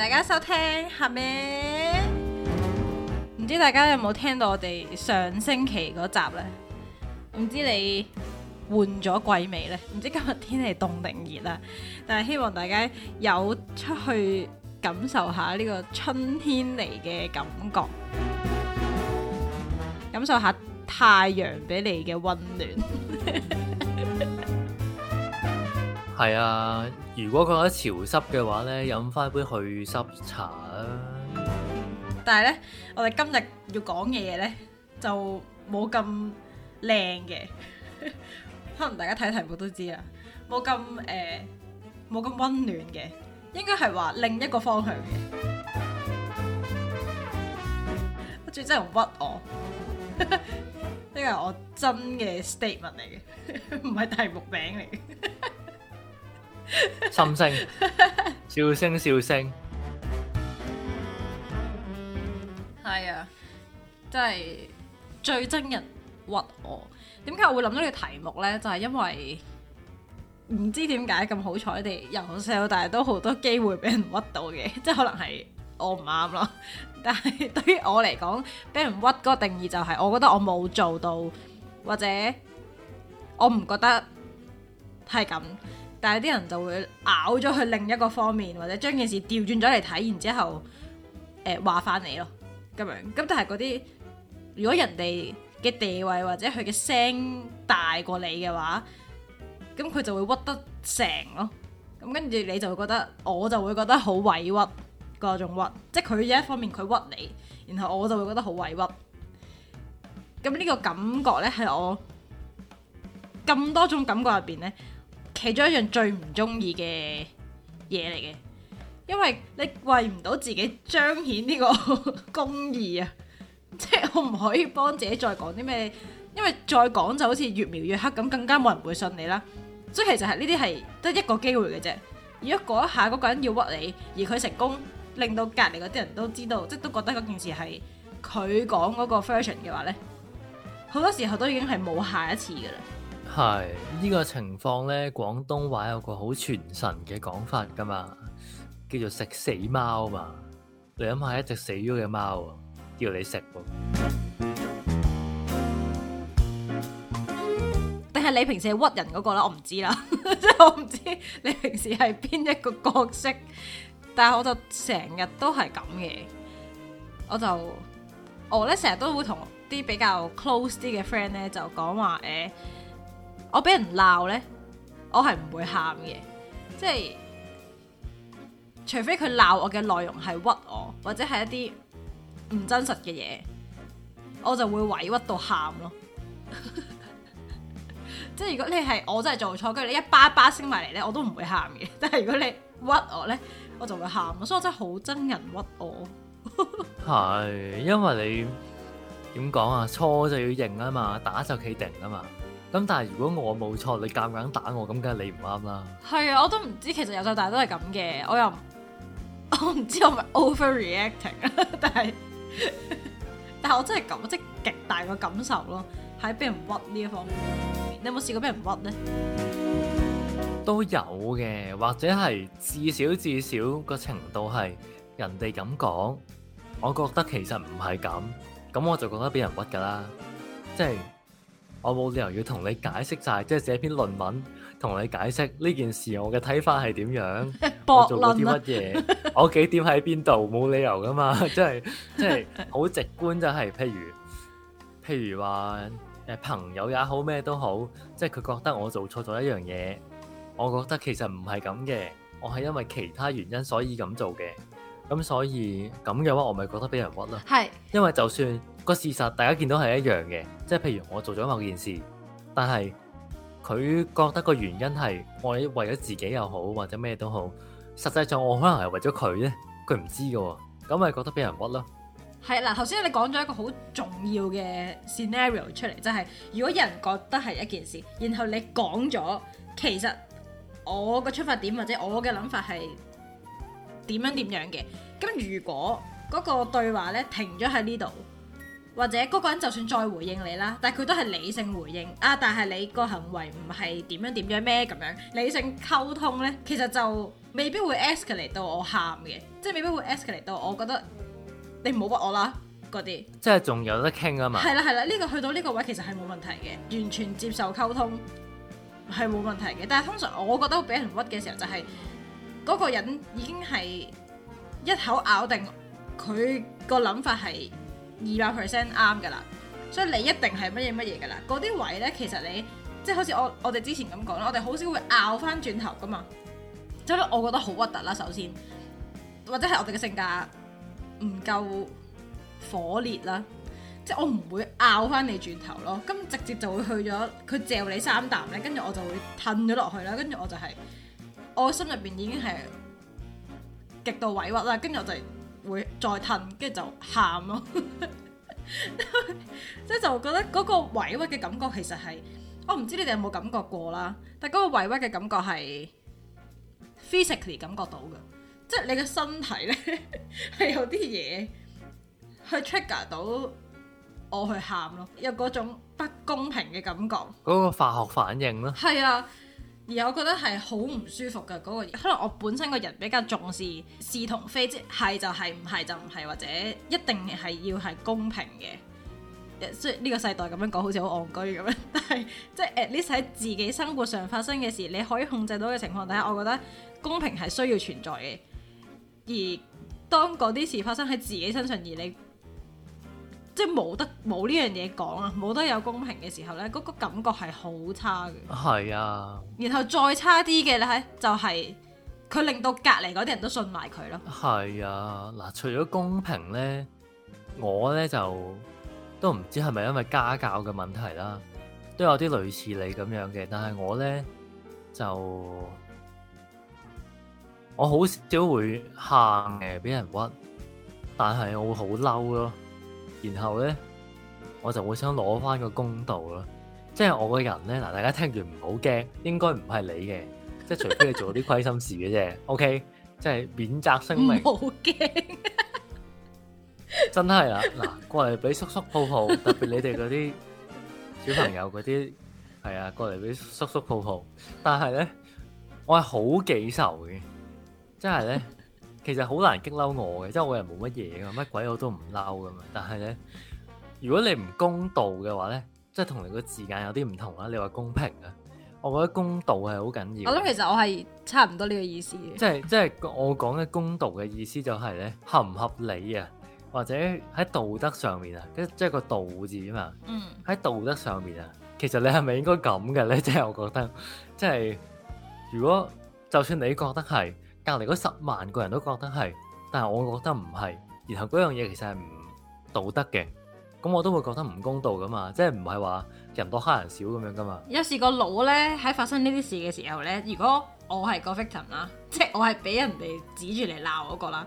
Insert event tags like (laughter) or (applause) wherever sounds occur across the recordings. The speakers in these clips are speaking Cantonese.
大家收聽下咩？唔知大家有冇聽到我哋上星期嗰集呢？唔知你換咗季未呢？唔知今日天氣凍定熱啊？但係希望大家有出去感受下呢個春天嚟嘅感覺，感受下太陽俾你嘅温暖。係 (laughs) 啊。如果佢覺得潮濕嘅話咧，飲翻一杯去濕茶啊！但係咧，我哋今日要講嘅嘢咧，就冇咁靚嘅，可能大家睇題目都知啊，冇咁誒，冇咁溫暖嘅，應該係話另一個方向嘅。我最憎人屈我，呢個係我真嘅 statement 嚟嘅，唔係題目餅嚟嘅。心聲，笑聲，笑聲，係啊，真係最憎人屈我。點解我會諗到呢個題目呢？就係因為唔知點解咁好彩地由細到大，但係都好多機會俾人屈到嘅，即係可能係我唔啱囉。但係對於我嚟講，俾人屈嗰個定義就係，我覺得我冇做到，或者我唔覺得係咁。但有啲人就會拗咗去另一個方面，或者將件事調轉咗嚟睇，然之後誒話翻你咯，咁樣咁，但係嗰啲如果人哋嘅地位或者佢嘅聲大過你嘅話，咁佢就會屈得成咯。咁跟住你就會覺得，我就會覺得好委屈嗰種屈，即係佢有一方面佢屈你，然後我就會覺得好委屈。咁呢個感覺呢，喺我咁多種感覺入邊呢。其中一樣最唔中意嘅嘢嚟嘅，因為你為唔到自己彰顯呢個 (laughs) 公義啊！即係我唔可以幫自己再講啲咩，因為再講就好似越描越黑咁，更加冇人會信你啦。所以其實係呢啲係得一個機會嘅啫。如果嗰一下嗰個人要屈你，而佢成功令到隔離嗰啲人都知道，即係都覺得嗰件事係佢講嗰個 fashion 嘅話呢。好多時候都已經係冇下一次㗎喇。係呢、呢個情況咧，廣東話有個好傳神嘅講法噶嘛，叫做食死貓嘛。你諗下，一隻死咗嘅貓，叫你食，定係你平時係屈人嗰個啦？我唔知啦，即 (laughs) 係我唔知你平時係邊一個角色，但係我就成日都係咁嘅。我就我咧成日都會同啲比較 close 啲嘅 friend 咧，就講話誒。哎我俾人鬧咧，我係唔會喊嘅，即係除非佢鬧我嘅內容係屈我，或者係一啲唔真實嘅嘢，我就會委屈到喊咯。 (laughs) 即係如果你係我真係做錯，跟住你一巴一巴升埋嚟咧，我都唔會喊嘅。但係如果你屈我咧，我就會喊。所以我真係好憎人屈我。係， (laughs) 因為你點講啊？錯就要認啊嘛，打就企定啊嘛。咁但係如果我冇錯，你夾硬打我，咁梗係你唔啱啦。係啊，我都唔知其實由細大，但都係咁嘅。我又不我唔知我咪 overreacting， (laughs) 但係但係我真係咁，即係極大個感受咯，喺俾人屈呢一方面，你有冇試過俾人屈呢？都有嘅，或者係至少至少個程度係人哋咁講，我覺得其實唔係咁，咁我就覺得俾人屈噶啦，即係。我冇理由要同你解釋晒，即係寫篇論文同你解釋呢件事我嘅睇法係點樣， (laughs) 啊、我做咗啲乜嘢， (laughs) 我幾點喺邊度，冇理由噶嘛，即係即係好直觀、就是，就係譬如譬如話誒朋友也好咩都好，即係佢覺得我做錯咗一樣嘢，我覺得其實唔係咁嘅，我係因為其他原因所以咁做嘅。咁所以咁嘅話，我咪覺得俾人屈咯。係，因為就算個事實大家見到係一樣嘅，即係譬如我做咗某件事，但係佢覺得個原因係我係為咗自己又好，或者咩都好。實際上我可能係為咗佢咧，佢唔知㗎喎，咁咪覺得俾人屈咯。係嗱，頭先你講咗一個好重要嘅 scenario 出嚟，就係、是、如果有人覺得係一件事，然後你講咗，其實我個出發點或者我嘅諗法係。點樣點樣嘅，咁如果嗰個對話咧停咗喺呢度，或者嗰個人就算再回應你啦，但係佢都係理性回應啊，但係你個行為唔係點樣點樣咩咁樣理性溝通咧，其實就未必會 escalate 到我喊嘅，即係未必會 escalate 到我覺得你唔好屈我啦嗰啲，即係仲有得傾啊嘛。係啦係啦，呢個去到呢個位其實係冇問題嘅，完全接受溝通係冇問題嘅，但係通常我覺得我俾人屈嘅時候就係。嗰、那個人已經係一口咬定佢個諗法係二百 percent 啱噶啦，所以你一定係乜嘢乜嘢噶啦。嗰啲位呢，其實你即係好似我我哋之前咁講啦，我哋好少會拗翻轉頭噶嘛。即、就、以、是、我覺得好核突啦，首先或者係我哋嘅性格唔夠火烈啦，即係我唔會拗翻你轉頭咯。咁直接就會去咗佢嚼你三啖咧，跟住我就會吞咗落去啦，跟住我就係、是。我心入邊已經係極度委屈啦，跟住我就會再褪，跟住就喊咯。即係就覺得嗰個委屈嘅感覺，其實係我唔知你哋有冇感覺過啦。但係嗰個委屈嘅感覺係 physically 感覺到嘅，即係你嘅身體咧係有啲嘢去 trigger 到我去喊咯，有嗰種不公平嘅感覺。嗰個化學反應咯。係啊。而我覺得係好唔舒服嘅嗰個，可能我本身個人比較重視是同非，即係就係唔係就唔係，或者一定係要係公平嘅。即呢個世代咁樣講好似好戇居咁樣，但係即係 at least 喺自己生活上發生嘅事，你可以控制到嘅情況底下，我覺得公平係需要存在嘅。而當嗰啲事發生喺自己身上而你，即係冇得冇呢樣嘢講啊，冇得有公平嘅時候咧，嗰個感覺係好差嘅。係啊，然後再差啲嘅咧，就係佢令到隔籬嗰啲人都信埋佢咯。係啊，嗱，除咗公平咧，我咧就都唔知係咪因為家教嘅問題啦，都有啲類似你咁樣嘅，但係我咧就我好少會喊嘅，俾人屈，但係我會好嬲咯。然後咧，我就會想攞翻個公道咯。即係我個人咧，嗱，大家聽完唔好驚，應該唔係你嘅，即係除非你做啲虧心事嘅啫。OK，即係免責聲明。唔好驚、啊，真係啊！嗱，過嚟俾叔叔抱抱，特別你哋嗰啲小朋友嗰啲，係 (laughs) 啊，過嚟俾叔叔抱抱。但係咧，我係好記仇嘅，即係咧。其實好難激嬲我嘅，即係我又冇乜嘢噶，乜鬼我都唔嬲噶嘛。但係咧，如果你唔公道嘅話咧，即係同你個字眼有啲唔同啊。你話公平啊？我覺得公道係好緊要的。我諗其實我係差唔多呢個意思。即係即係我講嘅公道嘅意思就係咧，合唔合理啊？或者喺道德上面啊，即係即係個道字啊嘛。嗯。喺道德上面啊，其實你係咪應該咁嘅咧？即係我覺得，即係如果就算你覺得係。隔離嗰十萬個人都覺得係，但係我覺得唔係。然後嗰樣嘢其實係唔道德嘅，咁我都會覺得唔公道噶嘛。即係唔係話人多黑人少咁樣噶嘛？有時個腦咧喺發生呢啲事嘅時候咧，如果我係個 victim 啦，即係我係俾人哋指住嚟鬧嗰個啦，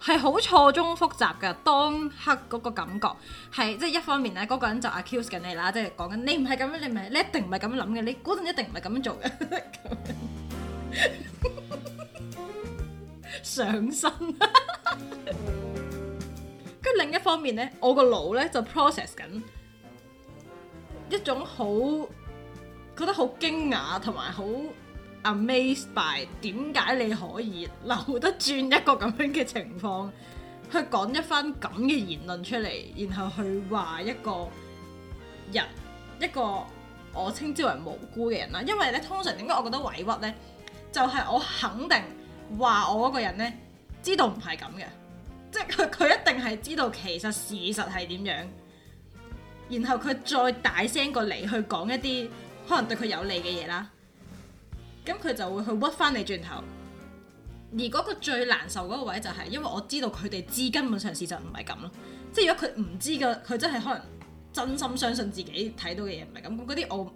係好錯綜複雜嘅。當刻嗰個感覺係即係一方面咧，嗰個人就 accuse 緊你啦，即係講緊你唔係咁樣，你唔係，你一定唔係咁樣諗嘅，你嗰陣一定唔係咁樣做嘅。 (laughs) (laughs) (laughs) 上身， (laughs) 跟住另一方面呢，我個腦呢就 process 緊一種好覺得好驚訝同埋好 amazed by 點解你可以留得轉一個咁樣嘅情況去講一番咁嘅言論出嚟，然後去話一個人，一個我稱之為無辜嘅人啦，因為呢，通常點解我覺得委屈呢？就係我肯定話我嗰個人呢，知道唔係咁嘅，即係佢佢一定係知道其實事實係點樣，然後佢再大聲過嚟去講一啲可能對佢有利嘅嘢啦，咁佢就會去屈翻你轉頭，而嗰個最難受嗰個位就係因為我知道佢哋知根本上事實唔係咁咯，即係如果佢唔知嘅，佢真係可能真心相信自己睇到嘅嘢唔係咁，咁嗰啲我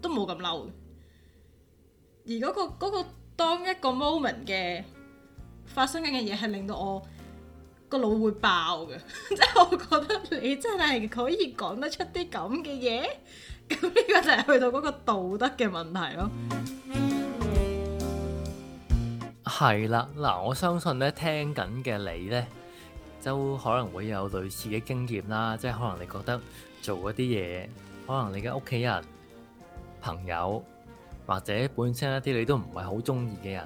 都冇咁嬲。而嗰個嗰個當一個 moment 嘅發生緊嘅嘢，係令到我個腦會爆嘅，即 (laughs) 係我覺得你真係可以講得出啲咁嘅嘢，咁呢個就係去到嗰個道德嘅問題咯。係啦，嗱，我相信咧，聽緊嘅你咧，就可能會有類似嘅經驗啦，即係可能你覺得做嗰啲嘢，可能你嘅屋企人、朋友。或者本身一啲你都唔係好中意嘅人，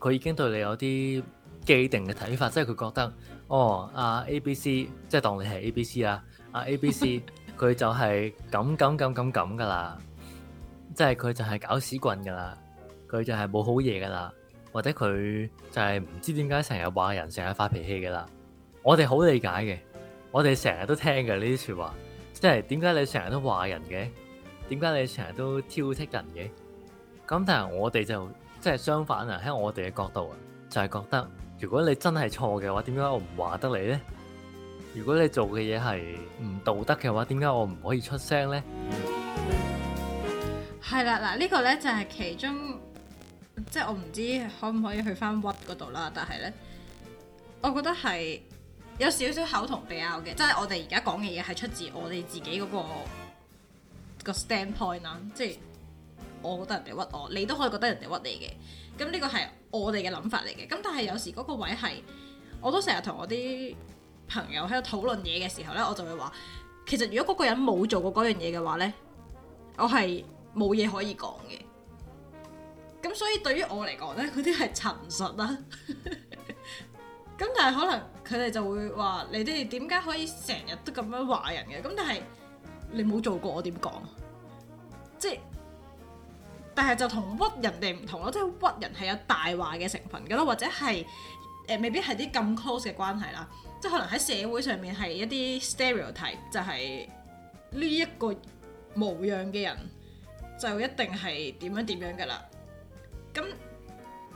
佢已經對你有啲既定嘅睇法，即係佢覺得哦，阿、啊、A、B、C，即係當你係 A、啊、B、 (laughs) C 啦，阿 A、B、C，佢就係咁咁咁咁咁噶啦，即係佢就係搞屎棍噶啦，佢就係冇好嘢噶啦，或者佢就係唔知點解成日話人，成日發脾氣噶啦，我哋好理解嘅，我哋成日都聽嘅呢啲說話，即係點解你成日都話人嘅？點解你成日都挑剔人嘅？咁但係我哋就即係相反啊！喺我哋嘅角度啊，就係覺得如果你真係錯嘅話，點解我唔話得你咧？如果你做嘅嘢係唔道德嘅話，點解我唔可以出聲咧？係啦，嗱，呢個咧就係其中，即係我唔知可唔可以去翻屈嗰度啦。但係咧，我覺得係有少少口同鼻拗嘅，即係我哋而家講嘅嘢係出自我哋自己嗰個。個 standpoint 啦，即係我覺得人哋屈我，你都可以覺得人哋屈你嘅。咁呢個係我哋嘅諗法嚟嘅。咁但係有時嗰個位係，我都成日同我啲朋友喺度討論嘢嘅時候呢，我就會話，其實如果嗰個人冇做過嗰樣嘢嘅話呢，我係冇嘢可以講嘅。咁所以對於我嚟講呢，嗰啲係陳述啦，啊。咁 (laughs) 但係可能佢哋就會話，你哋點解可以成日都咁樣話人嘅？咁但係。你冇做過，我點講？即係，但係就同屈人哋唔同咯，即係屈人係有大話嘅成分嘅咯，或者係誒、呃，未必係啲咁 close 嘅關係啦。即係可能喺社會上面係一啲 stereotype，就係呢一個模樣嘅人就一定係點樣點樣嘅啦。咁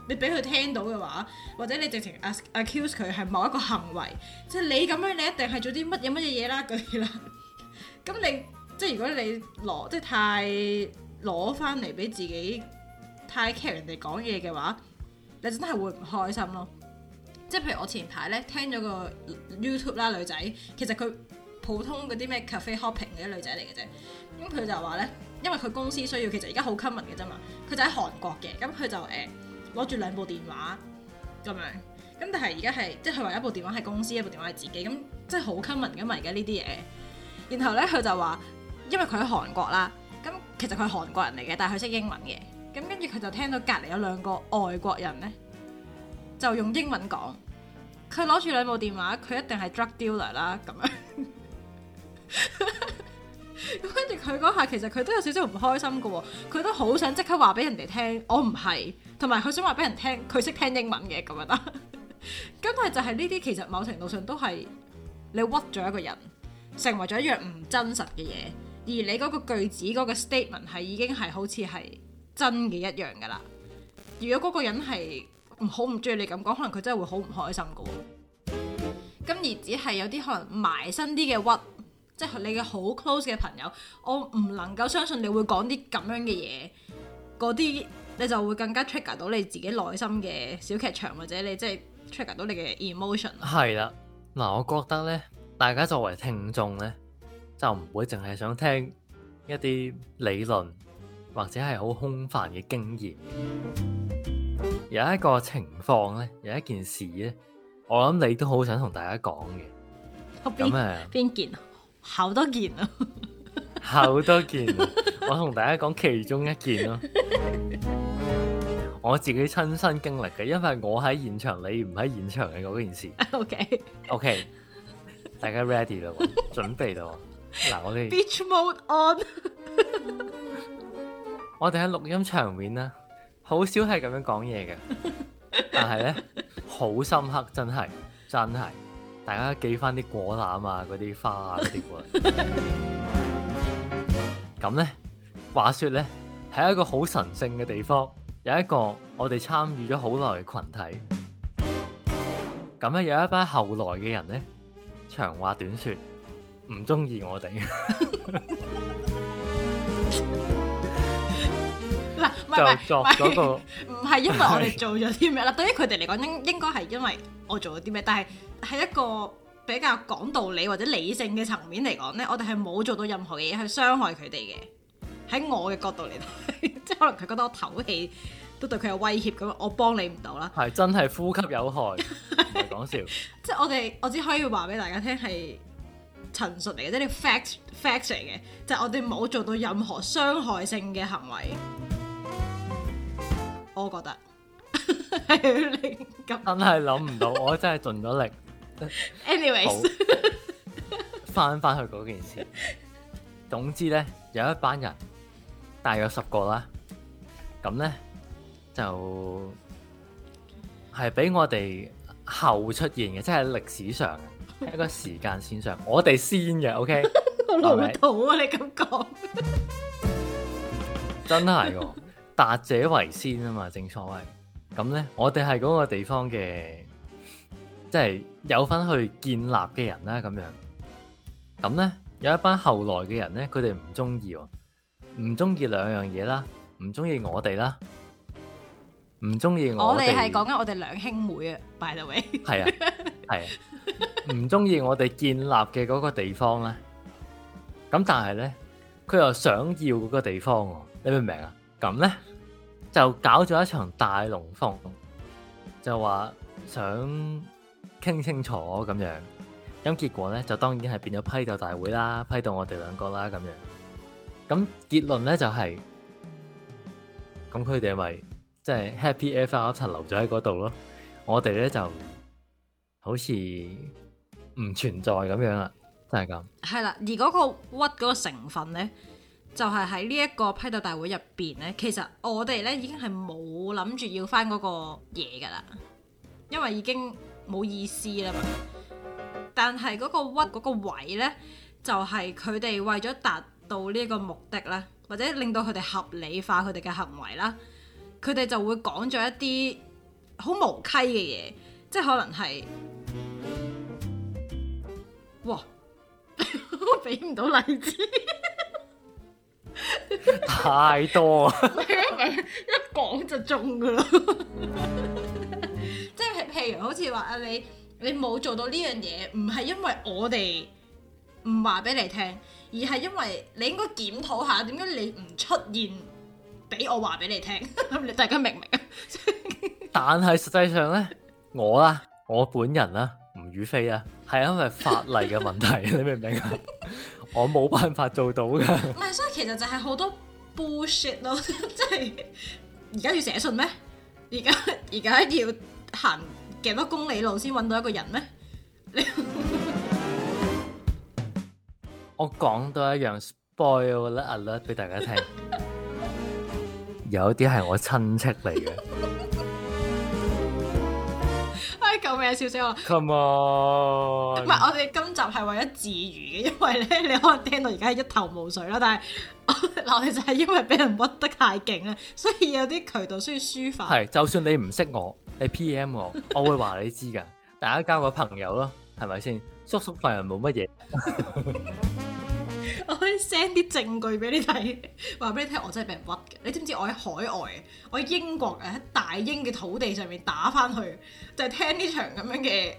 你俾佢聽到嘅話，或者你直情 accuse 佢係某一個行為，即係你咁樣，你一定係做啲乜嘢乜嘢嘢啦，嗰啲啦。咁你即係如果你攞即係太攞翻嚟俾自己太 care 人哋講嘢嘅話，你真係會唔開心咯。即係譬如我前排咧聽咗個 YouTube 啦，女仔，其實佢普通嗰啲咩 cafe hopping 嘅女仔嚟嘅啫。咁佢就話咧，因為佢公司需要，其實而家好 common 嘅啫嘛。佢就喺韓國嘅，咁佢就誒攞住兩部電話咁樣。咁但係而家係即係佢話一部電話係公司，一部電話係自己，咁即係好 common 㗎嘛。而家呢啲嘢。然後咧，佢就話，因為佢喺韓國啦，咁其實佢係韓國人嚟嘅，但係佢識英文嘅。咁跟住佢就聽到隔離有兩個外國人咧，就用英文講。佢攞住兩部電話，佢一定係 drug dealer 啦，咁樣。咁跟住佢嗰下，其實佢都有少少唔開心嘅喎，佢都好想即刻話俾人哋聽，我唔係，同埋佢想話俾人聽，佢、oh，識聽英文嘅咁樣啦。咁 (laughs) 但係就係呢啲，其實某程度上都係你屈咗一個人。成為咗一樣唔真實嘅嘢，而你嗰個句子嗰個 statement 係已經係好似係真嘅一樣㗎啦。如果嗰個人係好唔中意你咁講，可能佢真係會好唔開心嘅喎。咁而只係有啲可能埋身啲嘅屈，即係你嘅好 close 嘅朋友，我唔能夠相信你會講啲咁樣嘅嘢，嗰啲你就會更加 trigger 到你自己內心嘅小劇場，或者你即係 trigger 到你嘅 emotion。係啦，嗱，我覺得呢。大家作為聽眾咧，就唔會淨係想聽一啲理論或者係好空泛嘅經驗。有一個情況咧，有一件事咧，我諗你都好想同大家講嘅。咁啊，邊、嗯、件？好多件啊！ (laughs) 好多件，我同大家講其中一件咯、啊。 (laughs) 我自己親身經歷嘅，因為我喺現場，你唔喺現場嘅嗰件事。O K，O K。大家 ready 啦，準備咯。嗱， (laughs) 我哋，Beach Mode On， (laughs) 我哋喺錄音場面咧，好少係咁樣講嘢嘅，但係咧好深刻，真係真係。大家記翻啲果籃啊，嗰啲花嗰啲喎。咁咧， (laughs) 話說咧，喺一個好神聖嘅地方，有一個我哋參與咗好耐嘅群體。咁咧，有一班後來嘅人咧。長話短說，唔中意我哋。嗱、 (laughs) (laughs) 就作嗰個，啊，唔係因為我哋做咗啲咩啦。對於佢哋嚟講，應應該係因為我做咗啲咩。但係喺一個比較講道理或者理性嘅層面嚟講呢，我哋係冇做到任何嘢去傷害佢哋嘅。喺我嘅角度嚟睇，即係可能佢覺得我唞氣。都對佢有威脅咁，我幫你唔到啦。係真係呼吸有害，講笑。即 (laughs) 係我哋，我只可以話俾大家聽係陳述嚟嘅，即係啲 fact facts 嚟嘅，就係我哋冇做到任何傷害性嘅行為。我覺得係你咁。真係諗唔到，我真係盡咗力。 (laughs) Anyways，翻翻去嗰件事。總之咧，有一班人大約十個啦，咁咧。就係、是、俾我哋後出現嘅，即係歷史上一個時間線上， (laughs) 我哋先嘅，OK？好老土啊，你咁講，真係達者為先啊嘛，正所謂。咁 (laughs) 咧，我哋係嗰個地方嘅，即、就、係、是、有份去建立嘅人啦、啊，咁樣。咁咧，有一班後來嘅人咧，佢哋唔中意，唔中意兩樣嘢啦，唔中意我哋啦。唔中意我哋係講緊我哋兩兄妹啊，by the way 係啊係啊，唔中意我哋建立嘅嗰個地方咧，咁但係咧佢又想要嗰個地方，你明唔明啊？咁咧就搞咗一場大龍鳳，就話想傾清楚咁樣，咁結果咧就當然係變咗批鬥大會啦，批鬥我哋兩個啦咁樣，咁結論咧就係，咁佢哋咪。即係 Happy FM 層留咗喺嗰度咯，我哋咧就好似唔存在咁樣啦，真係咁。係啦，而嗰個屈嗰個成分咧，就係喺呢一個批鬥大會入邊咧，其實我哋咧已經係冇諗住要翻嗰個嘢噶啦，因為已經冇意思啦嘛。但係嗰個屈嗰個位咧，就係佢哋為咗達到呢個目的啦，或者令到佢哋合理化佢哋嘅行為啦。佢哋就會講咗一啲好無稽嘅嘢，即係可能係，哇，我俾唔到例子，太多， (laughs) 一講就中㗎喇， (laughs) 即係譬如好似話啊，你你冇做到呢樣嘢，唔係因為我哋唔話俾你聽，而係因為你應該檢討下點解你唔出現。俾我話俾你聽，你大家明唔明啊？但係實際上咧，我啊，我本人啊，吳宇飛啊，係因為法例嘅問題，你明唔明啊？我冇辦法做到㗎。唔係，所以其實就係好多 bullshit 咯，即係而家要寫信咩？而家而家要行幾多公里路先揾到一個人咩？我講到一樣 spoiler alert 俾大家聽。有啲係我親戚嚟嘅，開、 (laughs) 哎、救命啊、笑死我！Come on，唔係我哋今集係為咗自娛嘅，因為咧你可能聽到而家一頭霧水啦，但係我哋就係因為俾人屈得太勁啦，所以有啲渠道需要抒發。係，就算你唔識我，你 PM 我，我會話你知㗎。 (laughs) 大家交個朋友咯，係咪先？叔叔份人冇乜嘢。 (laughs) (laughs) 我可以 send 啲證據俾你睇，話俾你聽，我真係俾人屈嘅。你知唔知我喺海外，我喺英國誒，喺大英嘅土地上面打返去，就係、是、聽呢場咁樣嘅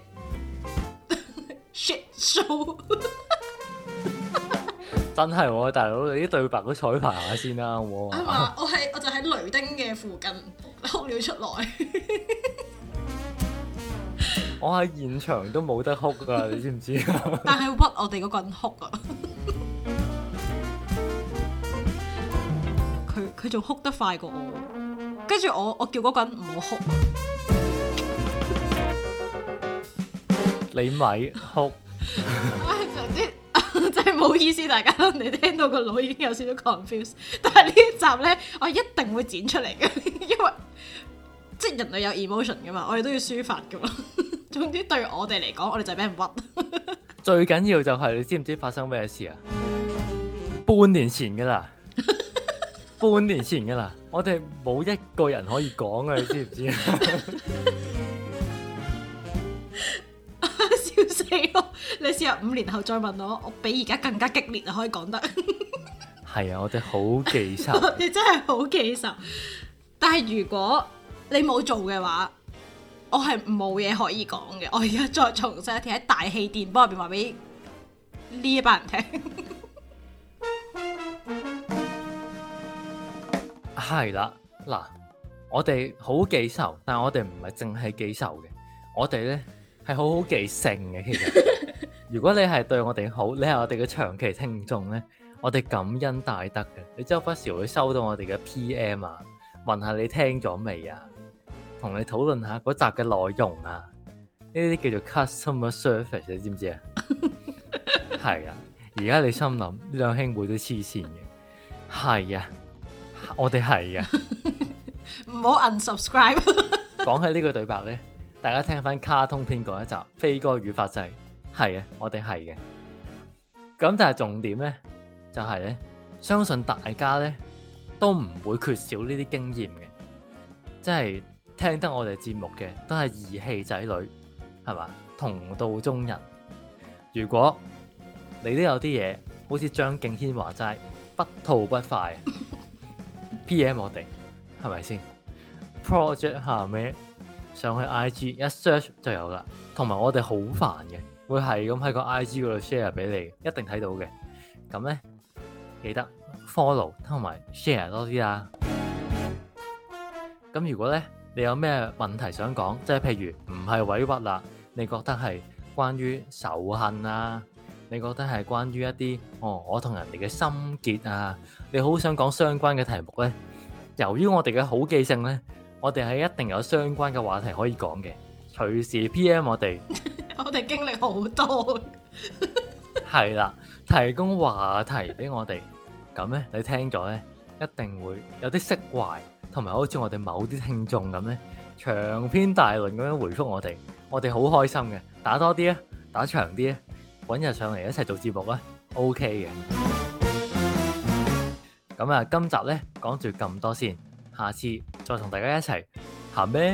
(laughs) shit show (laughs) 。真係喎、哦，大佬你啲對白都彩排下先啦。我話我係，我就喺雷丁嘅附近哭咗出來。 (laughs) (laughs) 我喺現場都冇得哭㗎，你知唔知道？ (laughs) 但係屈我哋嗰個人哭啊！你仲哭得快過我，跟住我我叫嗰個人唔好哭。你咪哭。總之真係唔好意思，大家你聽到個腦已經有少少 confuse，但係呢一集咧，我一定會剪出嚟噶，因為即係、就是、人類有 emotion 噶嘛，我哋都要抒發噶嘛。總之對我哋嚟講，我哋就係俾人屈。最緊要就係你知唔知發生咩事啊？半年前噶啦。半年前嘅啦， (laughs) 我哋冇一個人可以講嘅，你知唔知？ (laughs) 笑死我！你試下五年後再問我，我比而家更加激烈就可以講得。係 (laughs) 啊，我哋好記仇！你真係好記仇！但係如果你冇做嘅話，我係冇嘢可以講嘅。我而家再重新一貼喺大氣電波入邊話俾呢班人聽。 (laughs) 係、啊、啦，嗱、啊，我哋好記仇，但係我哋唔係淨係記仇嘅，我哋咧係好好記性嘅。其實，如果你係對我哋好，你係我哋嘅長期聽眾咧，我哋感恩戴德嘅。你之後不時會收到我哋嘅 PM 啊，問下你聽咗未啊，同你討論下嗰集嘅內容啊，呢啲叫做 customer service，你知唔知 (laughs) 啊？係啊，而家你心諗，兩兄妹都黐線嘅，係啊。啊我哋係啊，唔 (laughs) 好不要 unsubscribe (laughs) 。講起呢句對白咧，大家聽翻卡通片嗰一集《 (laughs) 飛哥與法證》就是，係啊，我哋係嘅。咁但係重點咧，就係、是、咧，相信大家咧都唔會缺少呢啲經驗嘅，即係聽得我哋節目嘅都係義氣仔女，係嘛，同道中人。如果你都有啲嘢，好似張敬軒話齋，不吐不快。 (laughs) P.M 我哋係咪先？Project 下面上去 IG 一 search 就有啦。同埋我哋好煩嘅，會係咁喺個 IG 嗰度 share 俾你，一定睇到嘅。咁咧記得 follow 同埋 share 多啲啊。咁如果咧你有咩問題想講，即係譬如唔係委屈啦，你覺得係關於仇恨啊？你覺得係關於一啲哦，我同人哋嘅心結啊？你好想講相關嘅題目呢？由於我哋嘅好記性呢，我哋係一定有相關嘅話題可以講嘅。隨時 PM 我哋， (laughs) 我哋經歷好多。係啦，提供話題俾我哋，咁呢，你聽咗呢，一定會有啲釋懷，同埋好似我哋某啲聽眾咁呢，長篇大論咁樣回復我哋，我哋好開心嘅，打多啲啊，打長啲啊。揾日上嚟一齊做節目啦，OK 嘅。咁啊，今集咧講住咁多先，下次再同大家一齊，下咩？